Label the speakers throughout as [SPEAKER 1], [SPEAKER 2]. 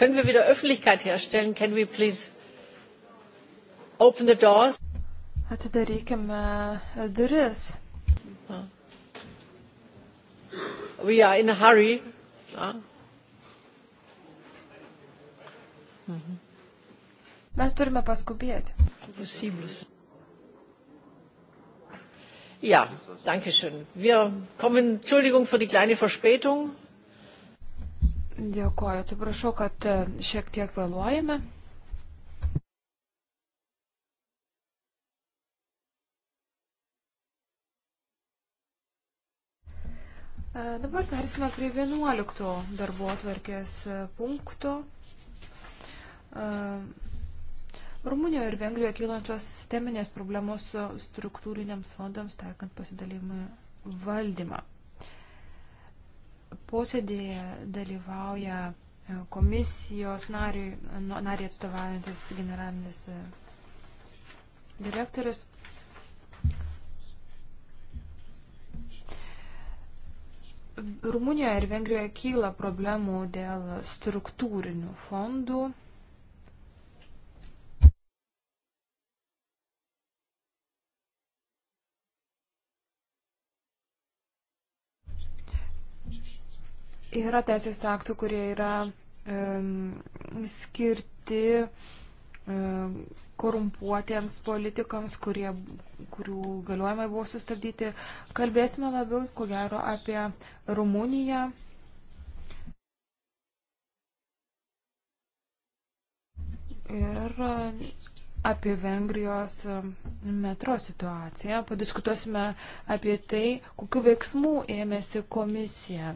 [SPEAKER 1] Können wir wieder Öffentlichkeit herstellen? Can we please open the doors?
[SPEAKER 2] Atidarykime duris. Uh, we are in a hurry. Ja. Ah. Mhm. Mes turime paskubėti. Possibles.
[SPEAKER 1] Ja, danke schön.
[SPEAKER 2] Wir kommen, Entschuldigung für die kleine Verspätung. Dėkuoju, atsiprašau, kad e, šiek tiek vėluojame. E, dabar persime prie 11 darbo atvarkės e, punktų. Rumunijoje ir Vengrijoje kylančios sisteminės problemos su struktūriniams fondams taikant pasidalymą valdymą posėdėje dalyvauja e, komisijos nariui, nu, nariai atstovaujantis generalinis e, direktorius. Rumunijoje ir Vengrijoje kyla problemų dėl struktūrinių fondų Yra teisės aktų, kurie yra um, skirti um, korumpuotiems politikams, kurie, kurių galiojimai buvo sustabdyti. Kalbėsime labiau, ko gero, apie Rumuniją. Ir apie Vengrijos metro situaciją. Padiskutuosime apie tai, kokiu veiksmu ėmėsi komisija.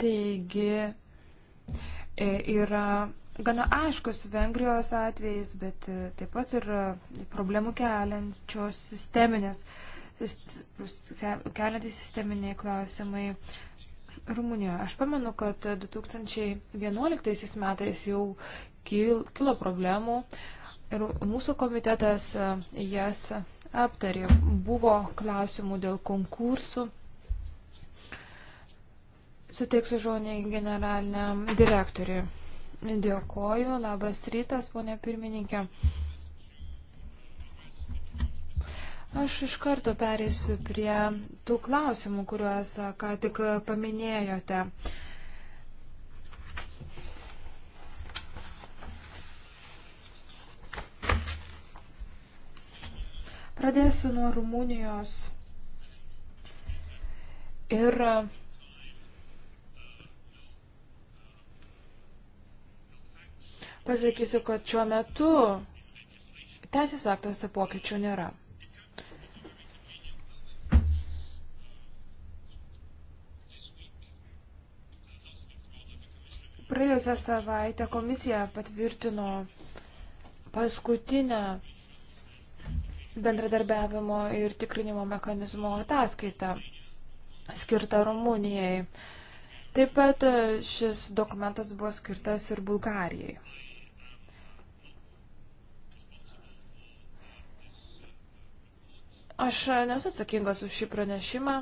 [SPEAKER 2] Taigi e, yra gana aiškus Vengrijos atvejais, bet e, taip pat ir e, problemų keliančios sisteminės, keliantys sisteminiai klausimai Rumunijoje. Aš pamenu, kad 2011 metais jau kilo problemų ir mūsų komitetas jas aptarė. Buvo klausimų dėl konkursų Suteiksiu žodį generaliniam direktoriui. Dėkoju, labas rytas, ponė pirmininkė. Aš iš karto perėsiu prie tų klausimų, kuriuos ką tik paminėjote. Pradėsiu nuo Rumunijos ir Pasakysiu, kad šiuo metu teisės aktuose pokyčių nėra. Praėjusią savaitę komisija patvirtino paskutinę bendradarbiavimo ir tikrinimo mechanizmo ataskaitą skirtą Rumunijai. Taip pat šis dokumentas buvo skirtas ir Bulgarijai. Aš nesu atsakingas už šį pranešimą.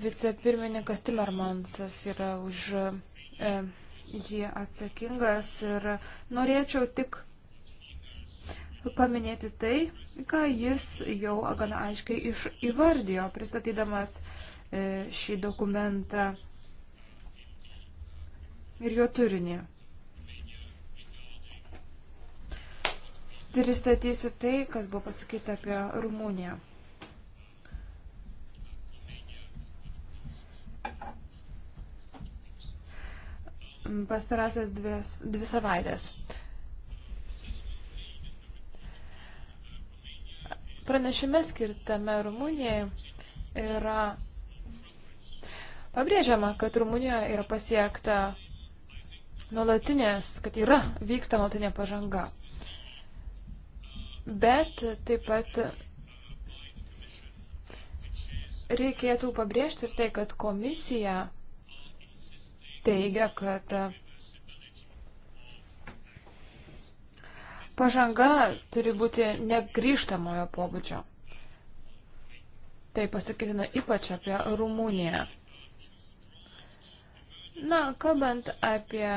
[SPEAKER 2] Vicepirmininkas Timermansas yra už e, jį atsakingas ir norėčiau tik paminėti tai, ką jis jau gana aiškiai iš, įvardijo, pristatydamas e, šį dokumentą ir jo turinį. pristatysiu tai, kas buvo pasakyta apie Rumuniją. Pastarasias dvi savaitės. Pranešime skirtame Rumunijai yra pabrėžiama, kad Rumunijoje yra pasiekta nuolatinės, kad yra vyksta nuolatinė pažanga bet taip pat reikėtų pabrėžti ir tai, kad komisija teigia, kad pažanga turi būti negrįžtamojo pobūdžio. Tai pasakytina ypač apie Rumuniją. Na, kalbant apie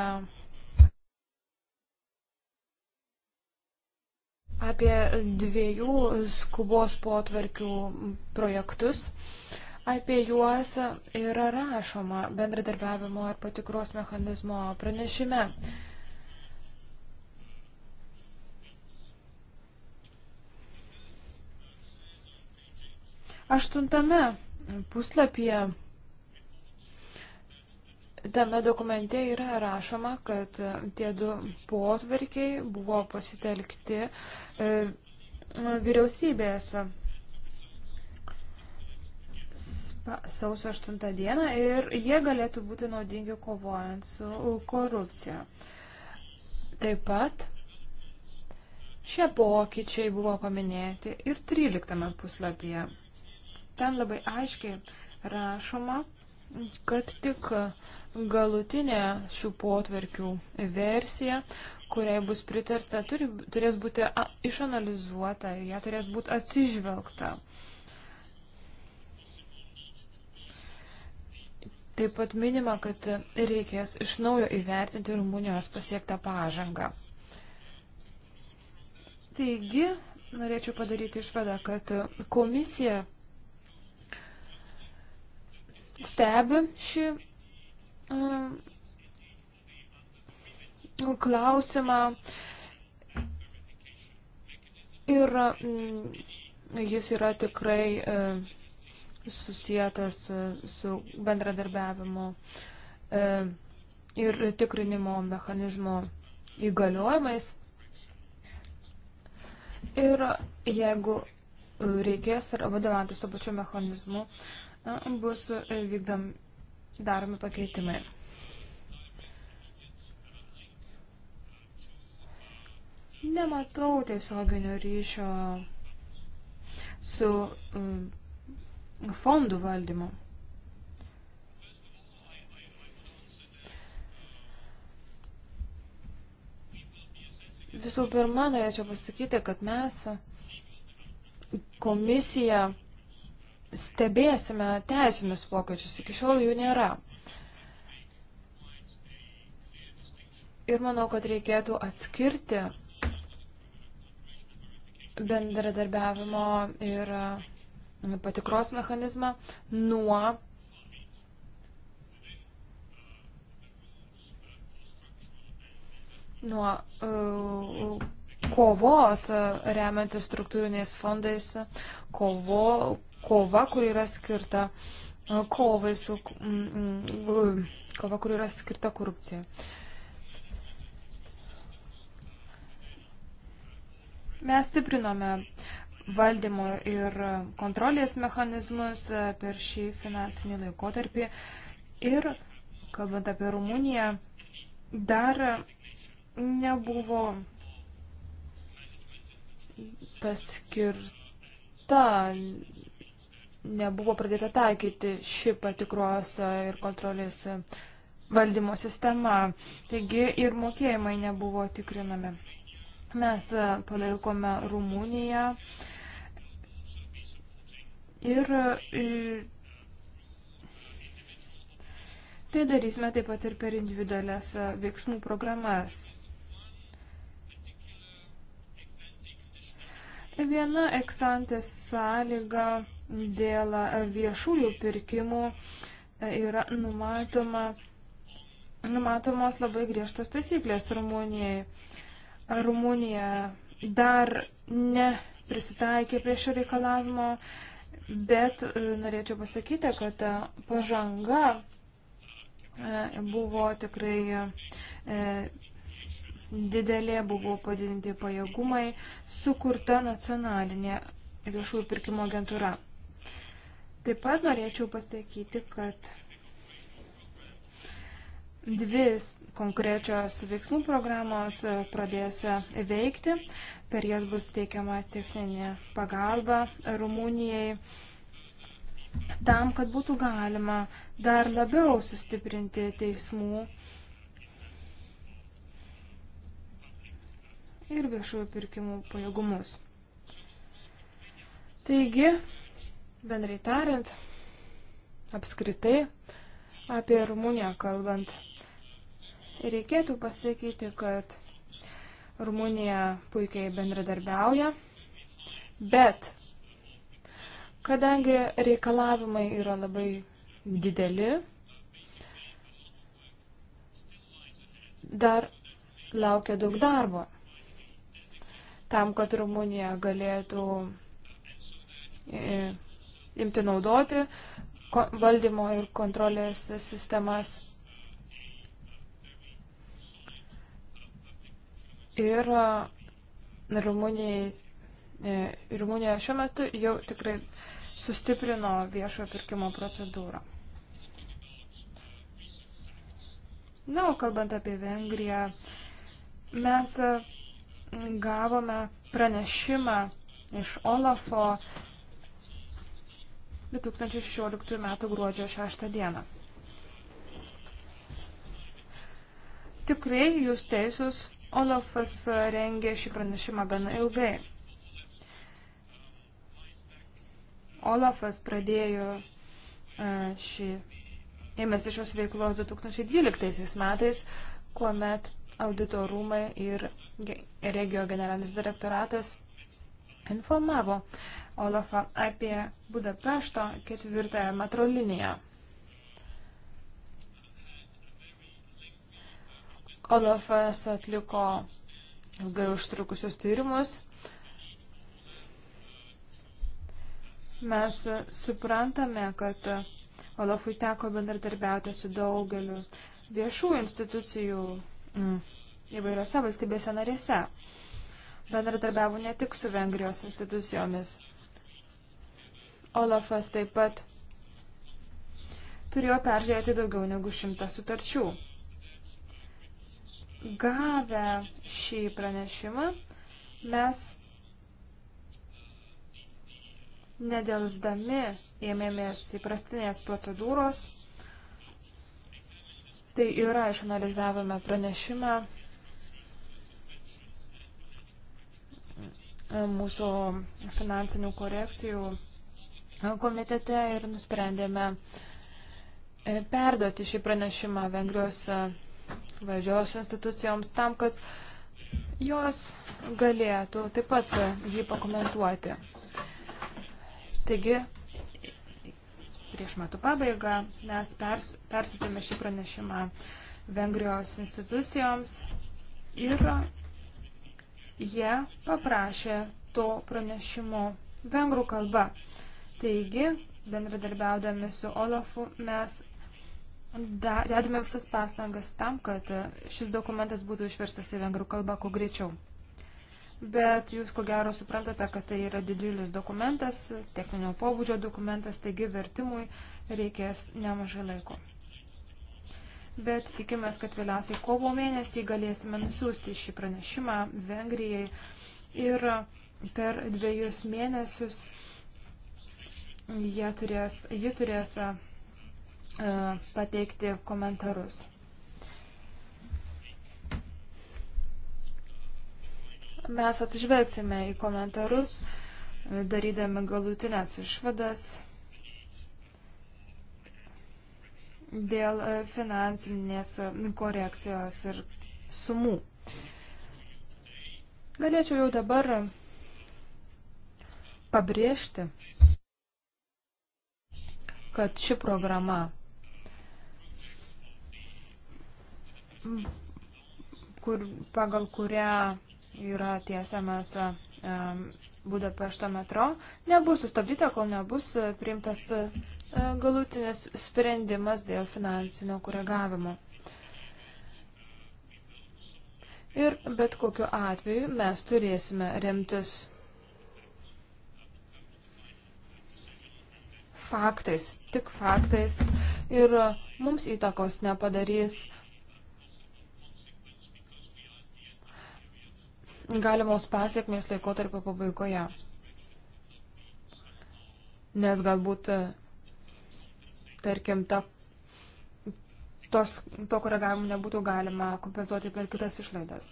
[SPEAKER 2] apie dviejų skubos potvarkių projektus. Apie juos yra rašoma bendradarbiavimo ir patikros mechanizmo pranešime. Aštuntame puslapyje Tame dokumente yra rašoma, kad tie du potvarkiai buvo pasitelkti e, vyriausybės sausio 8 dieną ir jie galėtų būti naudingi kovojant su korupcija. Taip pat šie pokyčiai buvo paminėti ir 13 puslapyje. Ten labai aiškiai rašoma, kad tik galutinė šių potvarkių versija, kuriai bus pritarta, turi, turės būti a, išanalizuota ir ją turės būti atsižvelgta. Taip pat minima, kad reikės iš naujo įvertinti Rumunijos pasiektą pažangą. Taigi, norėčiau padaryti išvadą, kad komisija stebi šį klausimą ir mm, jis yra tikrai susijęs su bendradarbiavimu ir tikrinimo mechanizmo įgaliojimais. Ir jeigu reikės ir vadovantis to pačiu mechanizmu bus e, vykdom daromi pakeitimai. Nematau tiesioginio ryšio su e, fondų valdymu. Visų pirma, norėčiau pasakyti, kad mes komisija stebėsime teisinius pokyčius, iki šiol jų nėra. Ir manau, kad reikėtų atskirti bendradarbiavimo ir patikros mechanizmą nuo nuo uh, kovos e, remiantis struktūriniais fondais, kovo, kova, kur yra skirta e, kovai su, kova, kur yra skirta korupcija. Mes stiprinome valdymo ir kontrolės mechanizmus e, per šį finansinį laikotarpį ir, kalbant apie Rumuniją, dar nebuvo paskirta, nebuvo pradėta taikyti ši patikros ir kontrolės valdymo sistema. Taigi ir mokėjimai nebuvo tikrinami. Mes palaikome Rumuniją ir e, tai darysime taip pat ir per individualias e, veiksmų programas. Viena eksantės sąlyga dėl viešųjų pirkimų e, yra numatoma, numatomos labai griežtos taisyklės Rumunijai. Rumunija dar neprisitaikė prie šio reikalavimo, bet e, norėčiau pasakyti, kad e, pažanga buvo tikrai didelė, buvo padidinti pajėgumai, sukurta nacionalinė viešųjų pirkimo agentūra. Taip pat norėčiau pasakyti, kad dvi konkrečios veiksmų programos pradės veikti. Per jas bus teikiama techninė pagalba Rumunijai tam, kad būtų galima dar labiau sustiprinti teismų ir viešųjų pirkimų pajėgumus. Taigi, bendrai tariant, apskritai apie Rumuniją kalbant, reikėtų pasakyti, kad Rumunija puikiai bendradarbiauja, bet kadangi reikalavimai yra labai dideli, dar laukia daug darbo tam, kad Rumunija galėtų e, imti naudoti valdymo ir kontrolės sistemas. Ir e, Rumunijai, e, Rumunija šiuo metu jau tikrai sustiprino viešojo pirkimo procedūrą. Na, o kalbant apie Vengriją, mes gavome pranešimą iš Olafo 2016 m. gruodžio 6 d. Tikrai jūs teisus, Olafas rengė šį pranešimą gana ilgai. Olafas pradėjo e, šį, ėmėsi šios veiklos 2012 metais, kuomet auditorumai ir regio generalinis direktoratas informavo Olafą apie Budapešto ketvirtąją metro liniją. Olafas atliko ilgai užtrukusius tyrimus. Mes suprantame, kad Olafui teko bendradarbiauti su daugeliu viešų institucijų Mm, įvairiose valstybėse narėse. Bendradarbiavo ne tik su Vengrijos institucijomis. Olafas taip pat turėjo peržiūrėti daugiau negu šimtą sutarčių. Gavę šį pranešimą, mes nedelsdami ėmėmės įprastinės procedūros Tai yra, išanalizavome pranešimą. mūsų finansinių korekcijų komitete ir nusprendėme e, perduoti šį pranešimą Vengrijos e, valdžios institucijoms tam, kad jos galėtų taip pat e, jį pakomentuoti. Taigi, prieš metų pabaigą mes pers, persutėme šį pranešimą Vengrijos institucijoms ir jie paprašė to pranešimo vengrų kalba. Taigi, bendradarbiaudami su Olafu, mes dedame visas pastangas tam, kad šis dokumentas būtų išverstas į vengrų kalbą kuo greičiau bet jūs ko gero suprantate, kad tai yra didžiulis dokumentas, techninio pobūdžio dokumentas, taigi vertimui reikės nemažai laiko. Bet tikimės, kad vėliausiai kovo mėnesį galėsime nusiųsti šį pranešimą Vengrijai ir per dviejus mėnesius jie turės, ji turės e, pateikti komentarus. Mes atsižvelgsime į komentarus, e, darydami galutinės išvadas dėl e, finansinės e, korekcijos ir sumų. Galėčiau jau dabar pabrėžti, kad ši programa kur, pagal kurią yra tiesiamas Budapešto metro, nebus sustabdyta, kol nebus priimtas galutinis sprendimas dėl finansinio koregavimo. Ir bet kokiu atveju mes turėsime remtis faktais, tik faktais ir mums įtakos nepadarys galimos pasiekmės laikotarpio pabaigoje. Nes galbūt, tarkim, ta, tos, to koregavimo nebūtų galima kompensuoti per kitas išlaidas.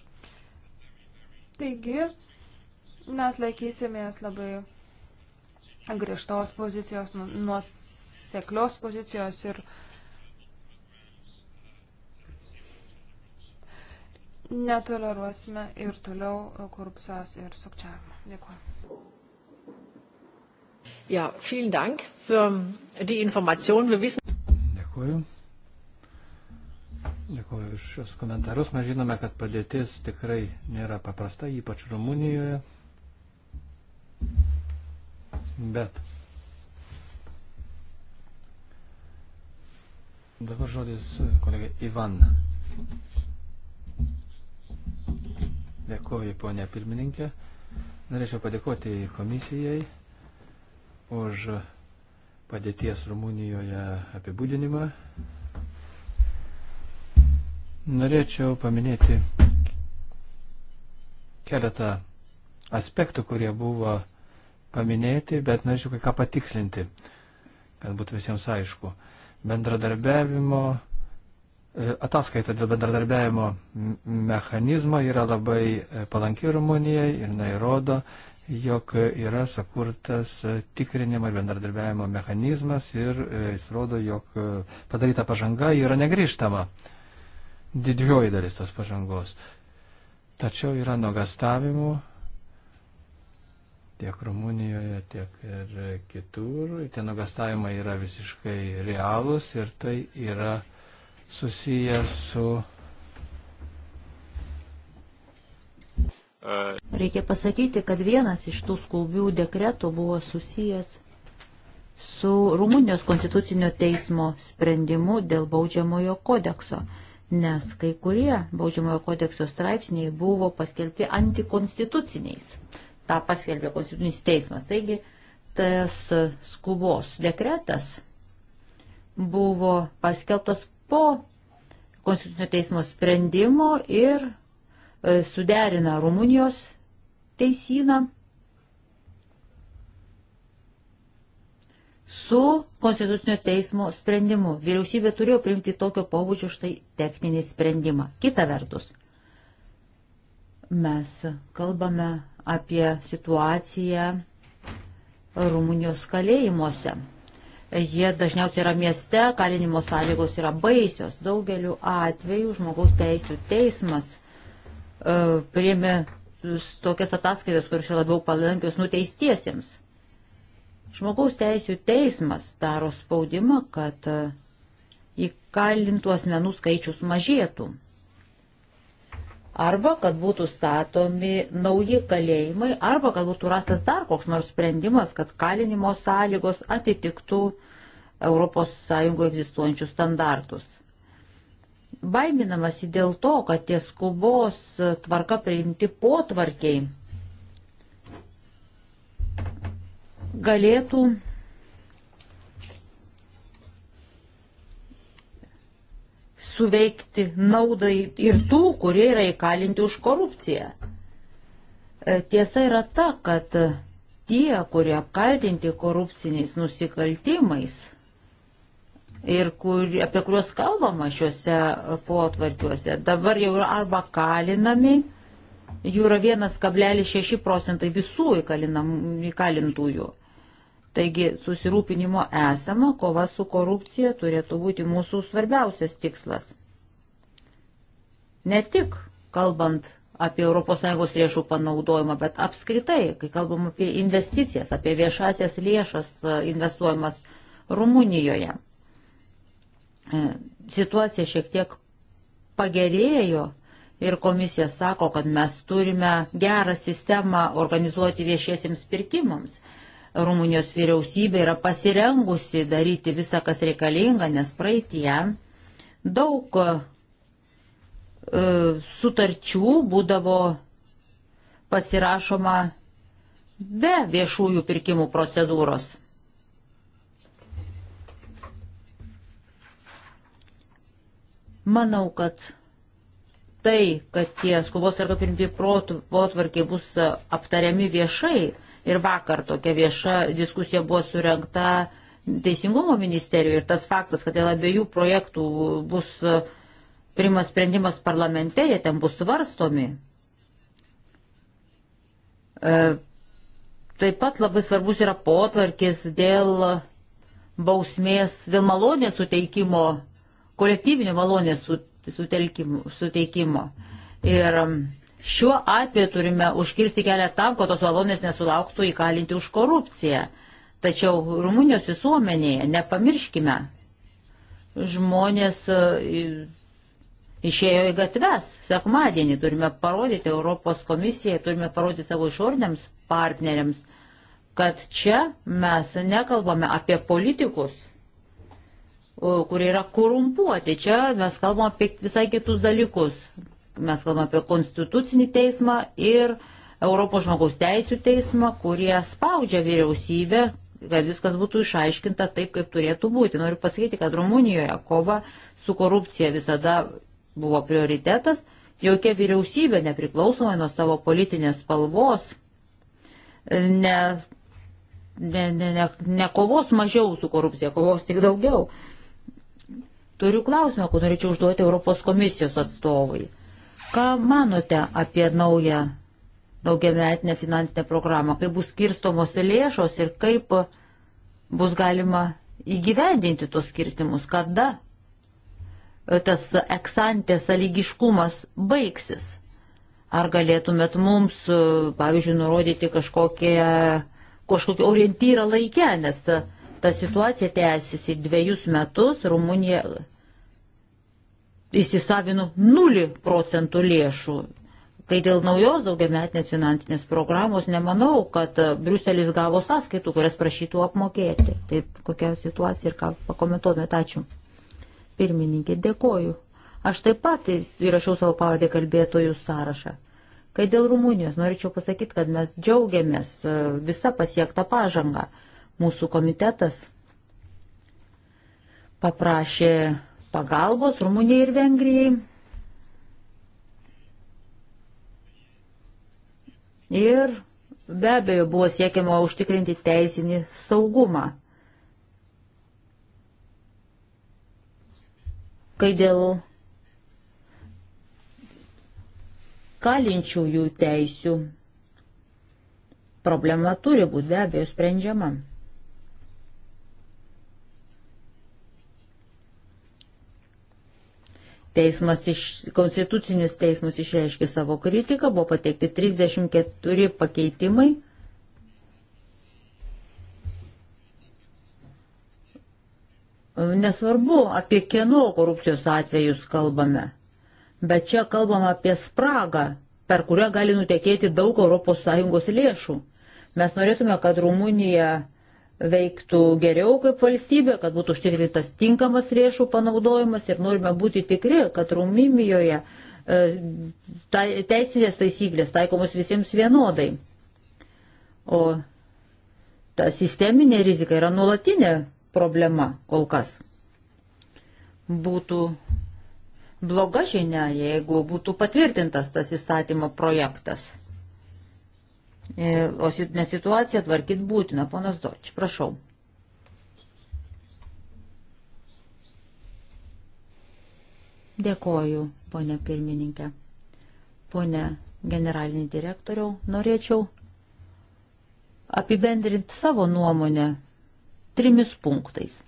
[SPEAKER 2] Taigi, mes laikysimės labai griežtos pozicijos, nuoseklios pozicijos ir uh, netoleruosime ir toliau korupcijos ir sukčiavimo. Dėkuoju.
[SPEAKER 1] Ja, vielen Dank für die Information. Wir wissen.
[SPEAKER 3] Dėkuoju. Dėkuoju už šios komentarus. Mes žinome, kad padėtis tikrai nėra paprasta, ypač Rumunijoje. Bet dabar žodis kolegai Ivan. Dėkuoju, ponė pirmininkė. Norėčiau padėkoti komisijai už padėties Rumunijoje apibūdinimą. Norėčiau paminėti keletą aspektų, kurie buvo paminėti, bet norėčiau kai ką patikslinti, kad būtų visiems aišku. Bendradarbiavimo E, ataskaita dėl bendradarbiavimo mechanizmo yra labai e, palanki Rumunijai ir jinai rodo, jog yra sukurtas e, tikrinimo ir bendradarbiavimo mechanizmas ir jis rodo, jog padaryta pažanga yra negrįžtama. Didžioji dalis tos pažangos. Tačiau yra nuogastavimų tiek Rumunijoje, tiek ir kitur. Tie nuogastavimai yra visiškai realūs ir tai yra susijęs su.
[SPEAKER 1] Reikia pasakyti, kad vienas iš tų skubių dekretų buvo susijęs su Rumunijos konstitucinio teismo sprendimu dėl baudžiamojo kodekso, nes kai kurie baudžiamojo kodekso straipsniai buvo paskelbti antikonstituciniais. Ta paskelbė konstitucinis teismas. Taigi tas skubos dekretas buvo paskelbtas po Konstitucinio teismo sprendimo ir e, suderina Rumunijos teisyną su Konstitucinio teismo sprendimu. Vyriausybė turėjo priimti tokio pobūdžio štai techninį sprendimą. Kita vertus, mes kalbame apie situaciją Rumunijos kalėjimuose. Jie dažniausiai yra mieste, kalinimo sąlygos yra baisios. Daugeliu atveju žmogaus teisų teismas e, priėmė tokias ataskaitas, kuris yra labiau palankios nuteistiesiems. Žmogaus teisų teismas daro spaudimą, kad e, įkalintų asmenų skaičius mažėtų arba kad būtų statomi nauji kalėjimai, arba kad būtų rastas dar koks nors sprendimas, kad kalinimo sąlygos atitiktų ES egzistuojančius standartus. Baiminamasi dėl to, kad tie skubos tvarka priimti potvarkiai galėtų suveikti naudai ir tų, kurie yra įkalinti už korupciją. E, tiesa yra ta, kad tie, kurie apkaltinti korupciniais nusikaltimais ir kur, apie kuriuos kalbama šiuose potvarkiuose, dabar jau yra arba kalinami, jų yra 1,6 procentai visų įkalinam, įkalintųjų Taigi susirūpinimo esama, kova su korupcija turėtų būti mūsų svarbiausias tikslas. Ne tik kalbant apie ES lėšų panaudojimą, bet apskritai, kai kalbam apie investicijas, apie viešasias lėšas e, investuojamas Rumunijoje. E, situacija šiek tiek pagerėjo ir komisija sako, kad mes turime gerą sistemą organizuoti viešiesiems pirkimams. Rumunijos vyriausybė yra pasirengusi daryti visą, kas reikalinga, nes praeitie daug e, sutarčių būdavo pasirašoma be viešųjų pirkimų procedūros. Manau, kad tai, kad tie skubos arba pirmieji potvarkiai bus aptariami viešai, Ir vakar tokia vieša diskusija buvo surenkta Teisingumo ministerijoje ir tas faktas, kad dėl abiejų projektų bus e, primas sprendimas parlamente, jie ten bus svarstomi. E, taip pat labai svarbus yra potvarkis dėl bausmės, dėl malonės suteikimo, kolektyvinio malonės suteikimo. suteikimo. Ir Šiuo atveju turime užkirsti kelią tam, kad tos valonės nesulauktų įkalinti už korupciją. Tačiau Rumunijos visuomenėje, nepamirškime, žmonės e, išėjo į gatves. Sekmadienį turime parodyti Europos komisijai, turime parodyti savo išoriniams partneriams, kad čia mes nekalbame apie politikus, kurie yra korumpuoti. Čia mes kalbame apie visai kitus dalykus. Mes kalbame apie konstitucinį teismą ir Europos žmogaus teisų teismą, kurie spaudžia vyriausybę, kad viskas būtų išaiškinta taip, kaip turėtų būti. Noriu pasakyti, kad Rumunijoje kova su korupcija visada buvo prioritetas, jokia vyriausybė nepriklausomai nuo savo politinės spalvos ne, ne, ne, ne, ne kovos mažiau su korupcija, kovos tik daugiau. Turiu klausimą, kurį norėčiau užduoti Europos komisijos atstovai. Ką manote apie naują daugiametinę finansinę programą, kaip bus skirstomos lėšos ir kaip bus galima įgyvendinti tos skirtimus, kada tas eksantės aligiškumas baigsis. Ar galėtumėt mums, pavyzdžiui, nurodyti kažkokie, kažkokį orientyrą laikę, nes ta situacija tęsiasi dviejus metus, Rumunija įsisavino 0 procentų lėšų. Kai dėl naujos daugiametinės finansinės programos nemanau, kad e, Briuselis gavo sąskaitų, kurias prašytų apmokėti. Taip, kokia situacija ir ką pakomentuotumėte. Ačiū. Pirmininkė, dėkoju. Aš taip pat įrašiau savo pavardę kalbėtojų sąrašą. Kai dėl Rumunijos norėčiau pasakyti, kad mes džiaugiamės e, visą pasiektą pažangą. Mūsų komitetas paprašė pagalbos Rumunijai ir Vengrijai. Ir be abejo buvo siekiama užtikrinti teisinį saugumą. Kai dėl kalinčiųjų teisių problema turi būti be abejo sprendžiama. Teismas iš, konstitucinis teismas išreiškė savo kritiką, buvo pateikti 34 pakeitimai. Nesvarbu, apie kieno korupcijos atvejus kalbame, bet čia kalbam apie spragą, per kurią gali nutekėti daug ES lėšų. Mes norėtume, kad Rumunija veiktų geriau kaip valstybė, kad būtų užtikrintas tinkamas lėšų panaudojimas ir norime būti tikri, kad Rumunijoje e, teisinės taisyklės taikomos visiems vienodai. O ta sisteminė rizika yra nuolatinė problema kol kas. Būtų bloga žinia, jeigu būtų patvirtintas tas įstatymo projektas. E, o siūtinę situaciją tvarkyti būtina. Ponas Doč, prašau. Dėkoju, ponė pirmininkė. Pone generalinį direktoriau, norėčiau apibendrinti savo nuomonę trimis punktais.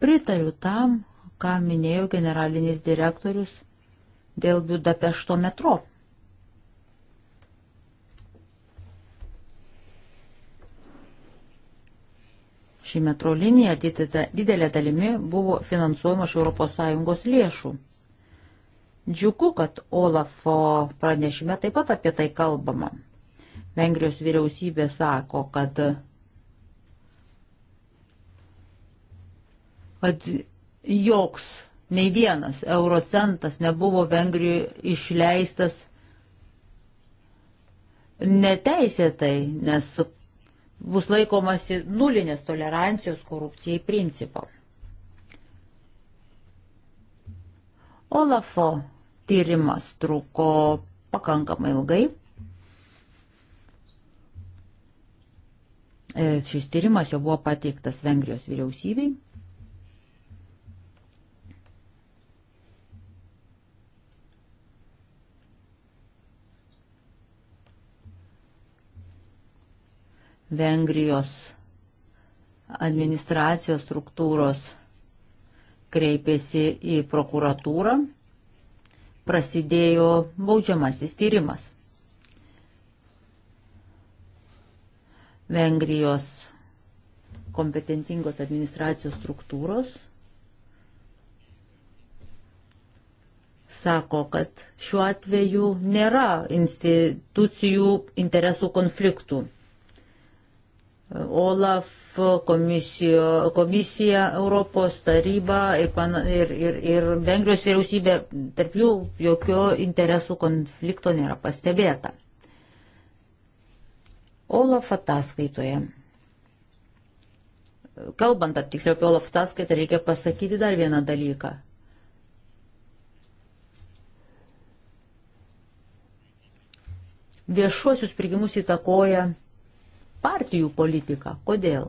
[SPEAKER 1] Pritariu tam, ką minėjo generalinis direktorius dėl Budapešto metro. Ši metro linija didelė dalimi buvo finansuojama iš ES lėšų. Džiugu, kad Olafo pranešime taip pat apie tai kalbama. Vengrijos vyriausybė sako, kad kad joks, nei vienas eurocentas nebuvo Vengrijoje išleistas neteisėtai, nes bus laikomasi nulinės tolerancijos korupcijai principą. Olafo tyrimas truko pakankamai ilgai. E, šis tyrimas jau buvo pateiktas Vengrijos vyriausybei. Vengrijos administracijos struktūros kreipėsi į prokuratūrą, prasidėjo baudžiamasis tyrimas. Vengrijos kompetentingos administracijos struktūros sako, kad šiuo atveju nėra institucijų interesų konfliktų OLAF komisijo, komisija Europos taryba ir, ir, ir, ir Vengrijos vyriausybė, tarp jų jokio interesų konflikto nėra pastebėta. OLAF ataskaitoje. Kalbant aptiksliau apie OLAF ataskaitą, reikia pasakyti dar vieną dalyką. Viešuosius pirkimus įtakoja partijų politiką. Kodėl?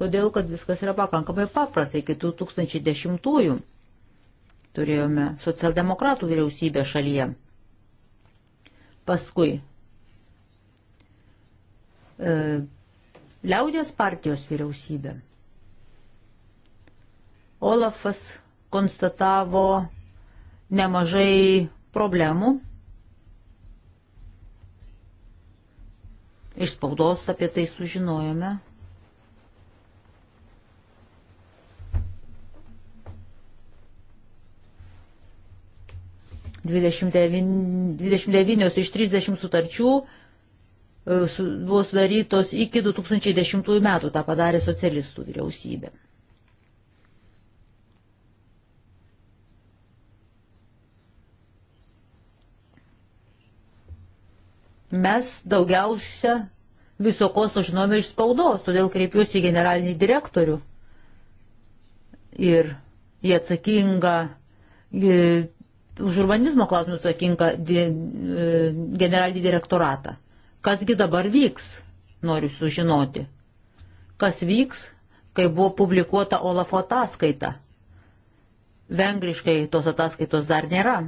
[SPEAKER 1] Todėl, kad viskas yra pakankamai paprasta. Iki 2010-ųjų turėjome socialdemokratų vyriausybę šalyje. Paskui e, Liaudės partijos vyriausybė. Olafas konstatavo nemažai problemų Iš spaudos apie tai sužinojome. Dvidešimt devynios iš trisdešimt sutarčių e, buvo sudarytos iki 2010 metų, tą padarė socialistų vyriausybė. mes daugiausia viso ko sužinome iš spaudos, todėl kreipiuosi į generalinį direktorių ir į atsakingą, už urbanizmo klausimų atsakingą di, e, generalinį direktoratą. Kasgi dabar vyks, noriu sužinoti. Kas vyks, kai buvo publikuota Olafo ataskaita. Vengriškai tos ataskaitos dar nėra.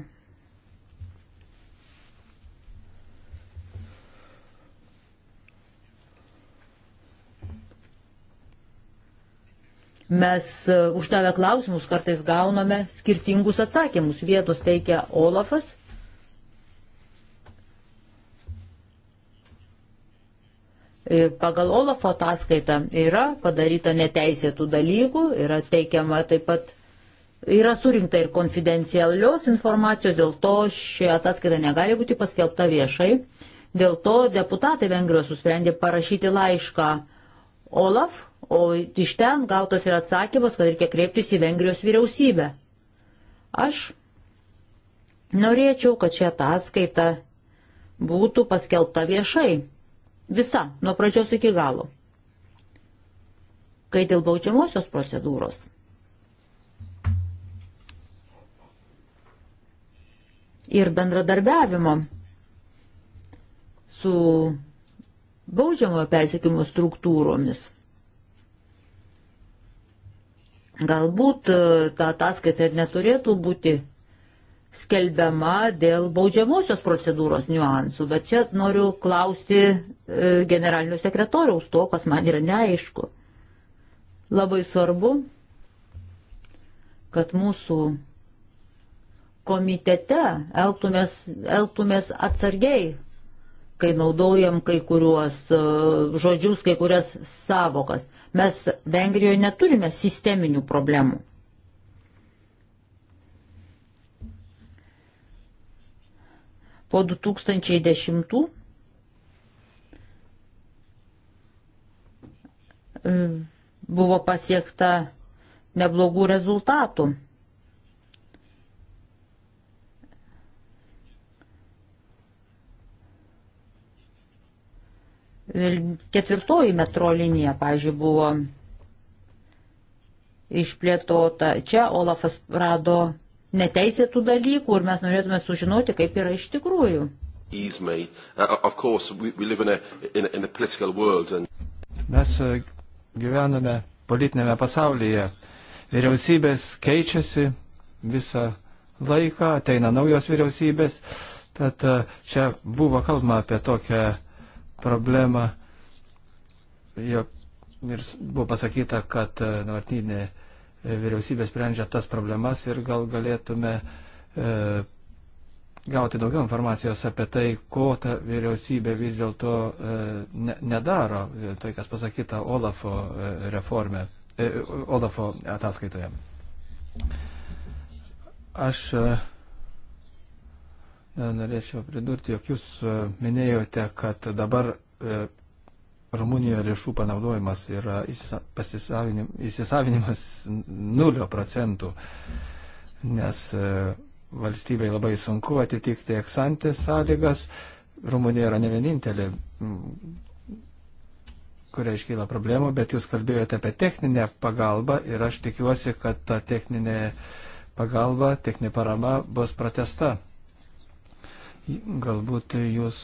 [SPEAKER 1] Mes e, uždavę klausimus kartais gauname skirtingus atsakymus. Vietos teikia Olafas. Ir pagal Olafo ataskaitą yra padaryta neteisėtų dalykų, yra teikiama taip pat Yra surinkta ir konfidencialios informacijos, dėl to ši ataskaita negali būti paskelbta viešai. Dėl to deputatai Vengrijos susprendė parašyti laišką Olaf, O iš ten gautas yra atsakymas, kad reikia kreiptis į Vengrijos vyriausybę. Aš norėčiau, kad šią ataskaitą būtų paskelbta viešai. Visa, nuo pradžios iki galo. Kai dėl baudžiamosios procedūros. Ir bendradarbiavimo su baudžiamojo persiekimo struktūromis. Galbūt e, ta ataskaita ir neturėtų būti skelbiama dėl baudžiamosios procedūros niuansų, bet čia noriu klausti e, generalinio sekretoriaus to, kas man yra neaišku. Labai svarbu, kad mūsų komitete elgtumės, elgtumės atsargiai, kai naudojam kai kuriuos e, žodžius, kai kurias savokas. Mes Vengrijoje neturime sisteminių problemų. Po 2010 e, buvo pasiekta neblogų rezultatų. Ketvirtoji metro linija, pavyzdžiui, buvo išplėtota. Čia Olafas rado neteisėtų dalykų ir mes norėtume sužinoti, kaip yra iš tikrųjų. Mes uh, gyvename
[SPEAKER 3] politinėme pasaulyje. Vyriausybės keičiasi visą laiką, ateina naujos vyriausybės. Tad uh, čia buvo kalbama apie tokią problemą, jog ir buvo pasakyta, kad nuolatinė e, e, vyriausybė sprendžia tas problemas ir gal galėtume e, gauti daugiau informacijos apie tai, ko ta vyriausybė vis dėlto e, ne, nedaro, e, tai kas pasakyta Olafo reforme, e, Olafo ataskaitoje. Aš e, E, norėčiau pridurti, jog jūs e, minėjote, kad dabar e, Rumunijoje lėšų panaudojimas yra įsisavinimas 0 procentų, nes valstybei labai sunku atitikti eksantės sąlygas. Rumunija yra ne vienintelė, kuria iškyla problemų, bet jūs kalbėjote apie techninę pagalbą ir aš tikiuosi, kad ta techninė pagalba, techninė parama bus protesta Galbūt tai jūs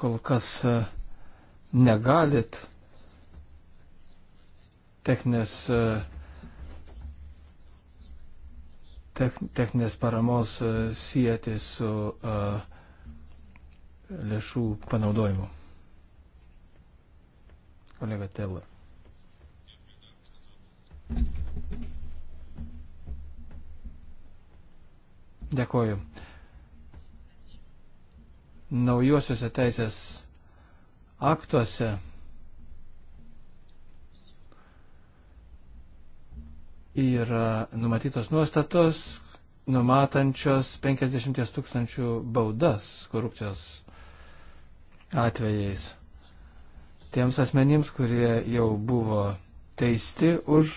[SPEAKER 3] kol kas e, negalit techninės, e, tech, techninės paramos e, sieti su uh, lėšų panaudojimu. Kolega Tela. Dėkoju naujuosiuose teisės aktuose yra numatytos nuostatos, numatančios 50 tūkstančių baudas korupcijos atvejais. Tiems asmenims, kurie jau buvo teisti už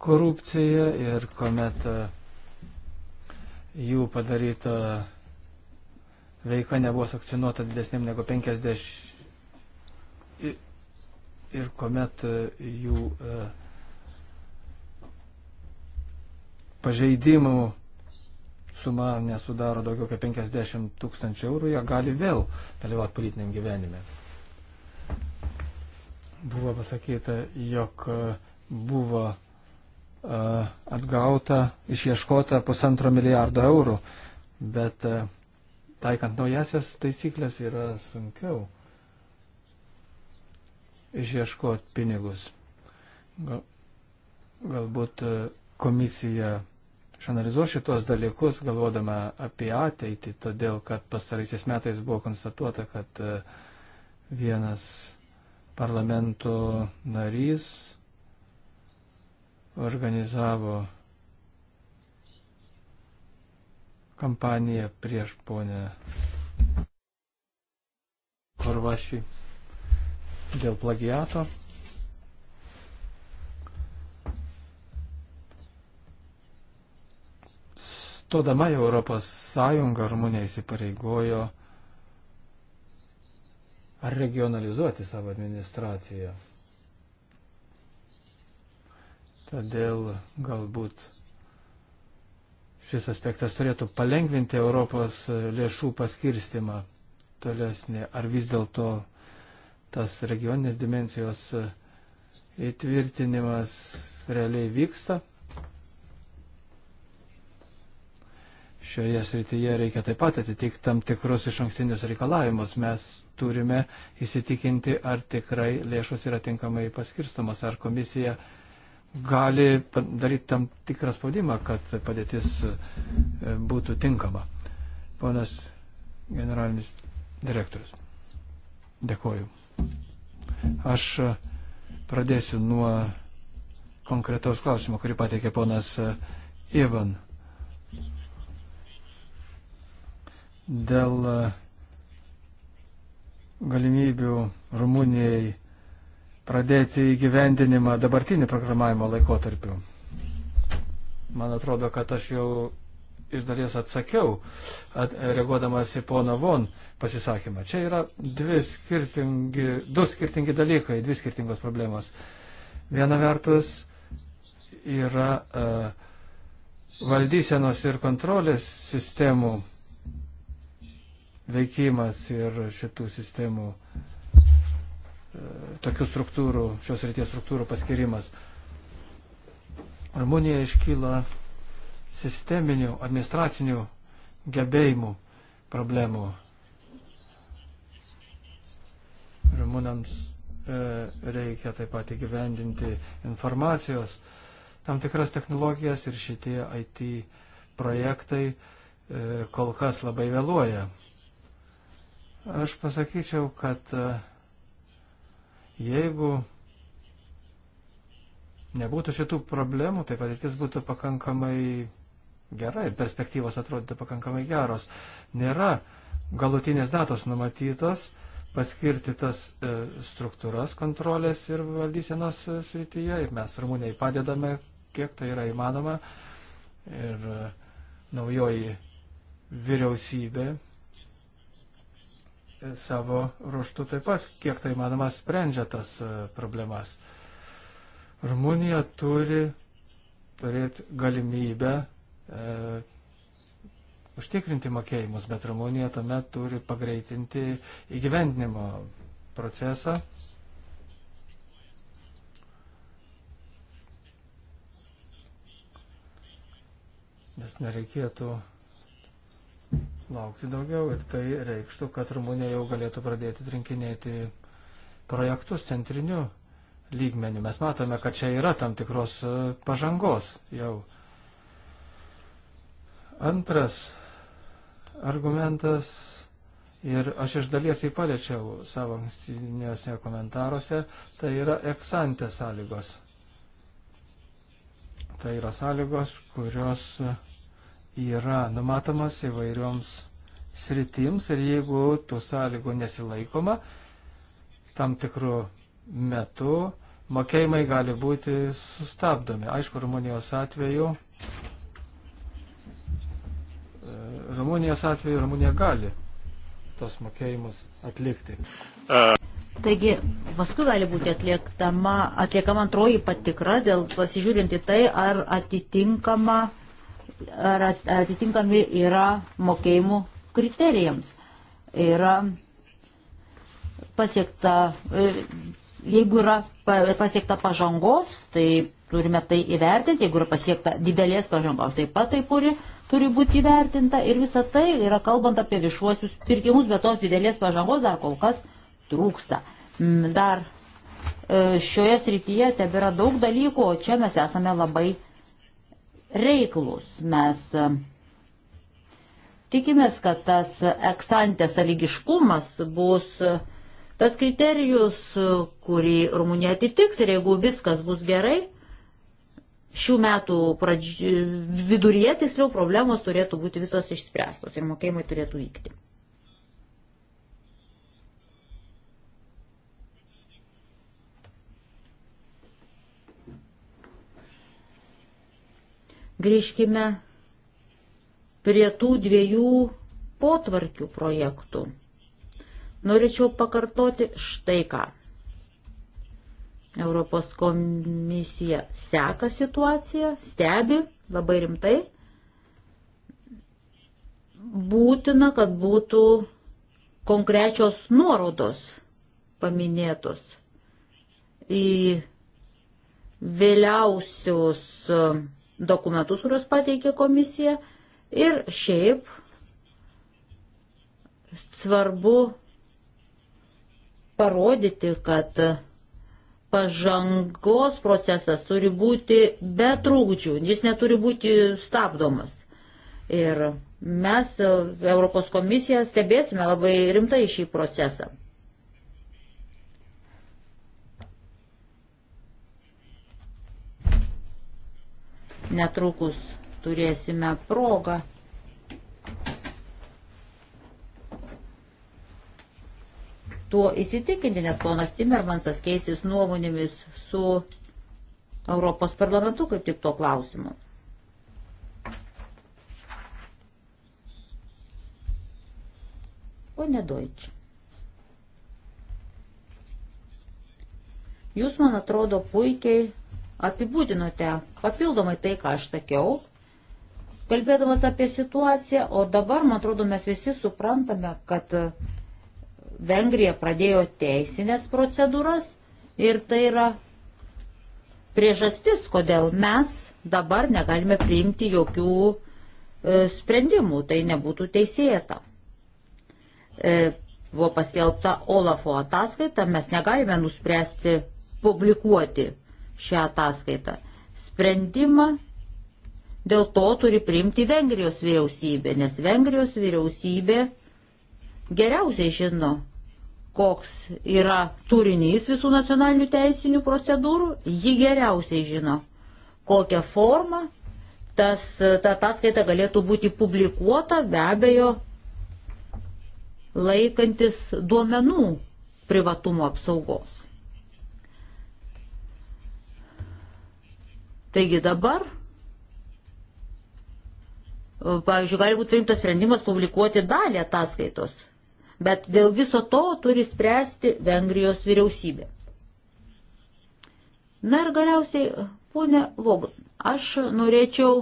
[SPEAKER 3] korupciją ir kuomet e, jų padaryta veikla nebuvo sankcionuota didesnėm negu 50 ir, ir kuomet e, jų e, pažeidimų suma nesudaro daugiau kaip 50 tūkstančių eurų, jie gali vėl dalyvauti politiniam gyvenime. Buvo pasakyta, jog e, buvo e, atgauta, išieškota pusantro milijardo eurų, bet taikant naujasias taisyklės yra sunkiau išieškoti pinigus. Gal, galbūt e, komisija išanalizuos šitos dalykus, galvodama apie ateitį, todėl kad pastaraisiais metais buvo konstatuota, kad e, vienas parlamento narys organizavo kampaniją prieš ponę Korvašį dėl plagiato. Stodama į Europos Sąjungą, Rumunija įsipareigojo ar regionalizuoti savo administraciją. Todėl galbūt šis aspektas turėtų palengvinti Europos lėšų paskirstimą tolesnį, ar vis dėlto tas regioninės dimensijos įtvirtinimas realiai vyksta. Šioje srityje reikia taip pat atitikti tam tikrus iš ankstinius reikalavimus. Mes turime įsitikinti, ar tikrai lėšos yra tinkamai paskirstamos, ar komisija uh, gali daryti tam tikrą spaudimą, kad padėtis e, būtų tinkama. Ponas generalinis direktorius. Dėkoju. Aš e, pradėsiu nuo konkretaus klausimo, kurį pateikė ponas e, Ivan. Dėl galimybių Rumunijai pradėti įgyvendinimą dabartinį programavimo laikotarpiu. Man atrodo, kad aš jau iš dalies atsakiau, at, reaguodamas į pono Von pasisakymą. Čia yra dvi skirtingi, du skirtingi dalykai, dvi skirtingos problemos. Viena vertus yra uh, valdysenos ir kontrolės sistemų veikimas ir šitų sistemų uh, tokių struktūrų, šios ryties struktūrų paskirimas. Rumunija iškyla sisteminių, administracinių gebėjimų problemų. Rumunams e, reikia taip pat įgyvendinti informacijos, tam tikras technologijas ir šitie IT projektai e, kol kas labai vėluoja. Aš pasakyčiau, kad e, Jeigu nebūtų šitų problemų, tai padėtis būtų pakankamai gera ir perspektyvos atrodytų pakankamai geros. Nėra galutinės datos numatytos paskirti tas e, struktūras kontrolės ir valdysenos e, srityje ir mes Rumunijai padedame, kiek tai yra įmanoma. Ir e, naujoji vyriausybė savo ruoštų taip pat, kiek tai manoma, sprendžia tas e, problemas. Rumunija turi turėti galimybę e, užtikrinti mokėjimus, bet Rumunija tuomet turi pagreitinti įgyvendinimo procesą. Nes nereikėtų laukti daugiau ir tai reikštų, kad Rumunija jau galėtų pradėti rinkinėti projektus centriniu lygmeniu. Mes matome, kad čia yra tam tikros e, pažangos jau. Antras argumentas, ir aš iš dalies jį paliečiau savo ankstiniuose komentaruose, tai yra eksantė sąlygos. Tai yra sąlygos, kurios yra numatomas įvairioms sritims ir jeigu tų sąlygų nesilaikoma, tam tikrų metų mokėjimai gali būti sustabdomi. Aišku, Rumunijos atveju, e, Rumunijos atveju Rumunija gali tos mokėjimus atlikti.
[SPEAKER 1] Taigi, paskui gali būti atliekama, atliekama antroji patikra dėl pasižiūrinti tai, ar atitinkama ar atitinkami yra mokėjimų kriterijams. Yra pasiekta, e, jeigu yra pasiekta pažangos, tai turime tai įvertinti, jeigu yra pasiekta didelės pažangos, taip pat tai turi, turi būti įvertinta ir visa tai yra kalbant apie viešuosius pirkimus, bet tos didelės pažangos dar kol kas trūksta. Dar e, šioje srityje tebėra daug dalykų, o čia mes esame labai reiklus. Mes e, tikimės, kad tas eksantės aligiškumas bus e, tas kriterijus, e, kurį Rumunija atitiks ir jeigu viskas bus gerai, šių metų pradži... viduryje tiksliau problemos turėtų būti visos išspręstos ir mokėjimai turėtų vykti. Grįžkime prie tų dviejų potvarkių projektų. Norėčiau pakartoti štai ką. Europos komisija seka situaciją, stebi labai rimtai. Būtina, kad būtų konkrečios nuorodos paminėtos į vėliausius dokumentus, kuriuos pateikė komisija. Ir šiaip svarbu parodyti, kad pažangos procesas turi būti be trūkdžių, jis neturi būti stabdomas. Ir mes, Europos komisija, stebėsime labai rimtai šį procesą. Netrukus turėsime progą. Tuo įsitikinti, nes ponas Timermansas keisis nuomonėmis su Europos parlamentu kaip tik tuo klausimu. Pone Deutsch. Jūs, man atrodo, puikiai apibūdinote papildomai tai, ką aš sakiau, kalbėdamas apie situaciją, o dabar, man atrodo, mes visi suprantame, kad Vengrija pradėjo teisinės procedūras ir tai yra priežastis, kodėl mes dabar negalime priimti jokių e, sprendimų, tai nebūtų teisėta. E, buvo paskelbta Olafo ataskaita, mes negalime nuspręsti publikuoti šią ataskaitą. Sprendimą dėl to turi priimti Vengrijos vyriausybė, nes Vengrijos vyriausybė geriausiai žino, koks yra turinys visų nacionalinių teisinių procedūrų, ji geriausiai žino, kokią formą tas, ta ataskaita galėtų būti publikuota, be abejo, laikantis duomenų privatumo apsaugos. Taigi dabar, pavyzdžiui, gali būti rimtas sprendimas publikuoti dalį ataskaitos, bet dėl viso to turi spręsti Vengrijos vyriausybė. Na ir galiausiai, ponė Vogun, aš norėčiau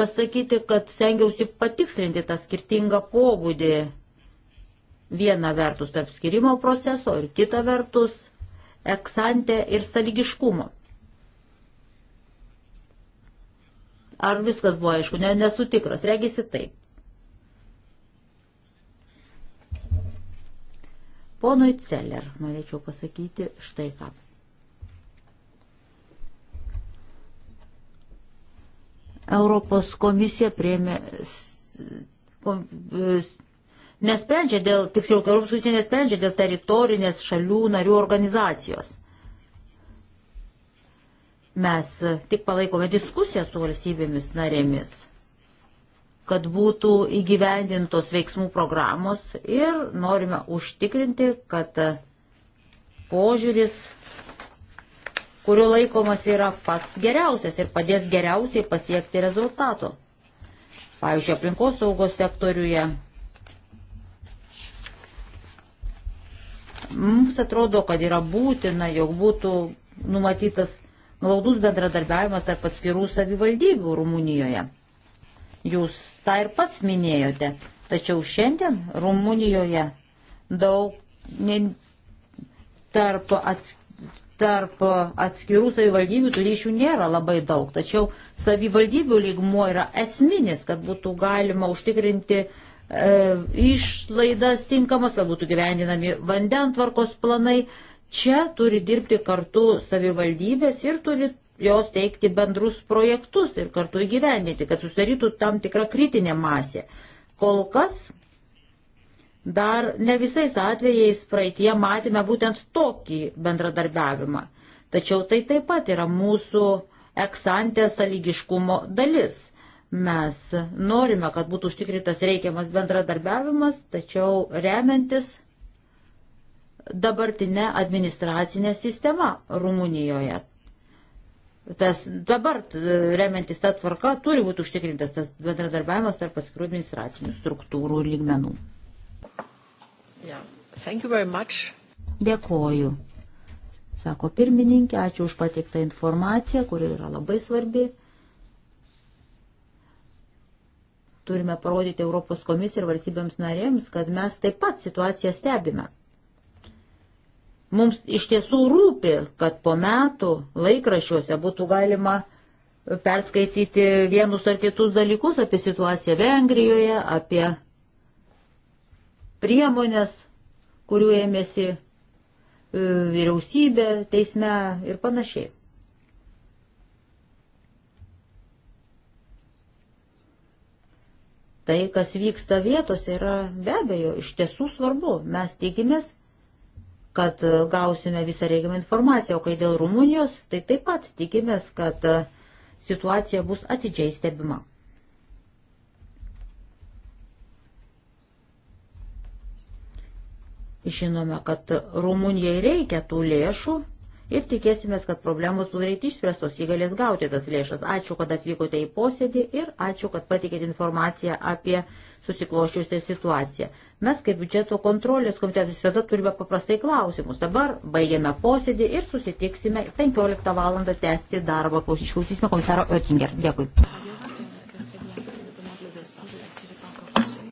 [SPEAKER 1] pasakyti, kad stengiausi patikslinti tą skirtingą pobūdį vieną vertus tarp skirimo proceso ir kitą vertus eksante ir saligiškumo. Ar viskas buvo aišku? Ne, nesu tikras. Regisi taip. Ponui Celler norėčiau pasakyti štai ką. Europos komisija priemė, e, nesprendžia dėl, tiksliau, Europos komisija nesprendžia dėl teritorinės šalių narių organizacijos. Mes tik palaikome diskusiją su valstybėmis narėmis, kad būtų įgyvendintos veiksmų programos ir norime užtikrinti, kad požiūris, kurio laikomas yra pats geriausias ir padės geriausiai pasiekti rezultato. Pavyzdžiui, aplinkos saugos sektoriuje mums atrodo, kad yra būtina, jog būtų numatytas glaudus bendradarbiavimas tarp atskirų savivaldybių Rumunijoje. Jūs tą ir pats minėjote, tačiau šiandien Rumunijoje daug ne, tarp, ats, tarp atskirų savivaldybių ryšių nėra labai daug, tačiau savivaldybių lygmuo yra esminis, kad būtų galima užtikrinti e, išlaidas tinkamas, kad būtų gyvendinami vandentvarkos planai, Čia turi dirbti kartu savivaldybės ir turi jos teikti bendrus projektus ir kartu įgyvendinti, kad susidarytų tam tikra kritinė masė. Kol kas dar ne visais atvejais praeitie matėme būtent tokį bendradarbiavimą. Tačiau tai taip pat yra mūsų eksantė sąlygiškumo dalis. Mes norime, kad būtų užtikrintas reikiamas bendradarbiavimas, tačiau remiantis dabartinė administracinė sistema Rumunijoje. Tas dabar remiantis tą tvarką turi būti užtikrintas tas bendradarbiavimas tarp atskirų administracinių struktūrų ir lygmenų. Yeah. Dėkoju. Sako pirmininkė, ačiū už pateiktą informaciją, kuri yra labai svarbi. turime parodyti Europos komisiją ir valstybėms narėms, kad mes taip pat situaciją stebime. Mums iš tiesų rūpi, kad po metų laikrašiuose būtų galima perskaityti vienus ar kitus dalykus apie situaciją Vengrijoje, apie priemonės, kurių ėmėsi e, vyriausybė, teisme ir panašiai. Tai, kas vyksta vietose, yra be abejo iš tiesų svarbu. Mes tikimės, kad e, gausime visą reikiamą informaciją, o kai dėl Rumunijos, tai taip pat tikimės, kad e, situacija bus atidžiai stebima. Žinome, kad Rumunijai reikia tų lėšų, ir tikėsimės, kad problemos bus greit išspręstos, jie galės gauti tas lėšas. Ačiū, kad atvykote į posėdį ir ačiū, kad patikėt informaciją apie susiklošiusią situaciją. Mes kaip biudžeto kontrolės komitetas visada turime paprastai klausimus. Dabar baigiame posėdį ir susitiksime 15 val. tęsti darbą. Išklausysime komisaro Oettinger. Dėkui.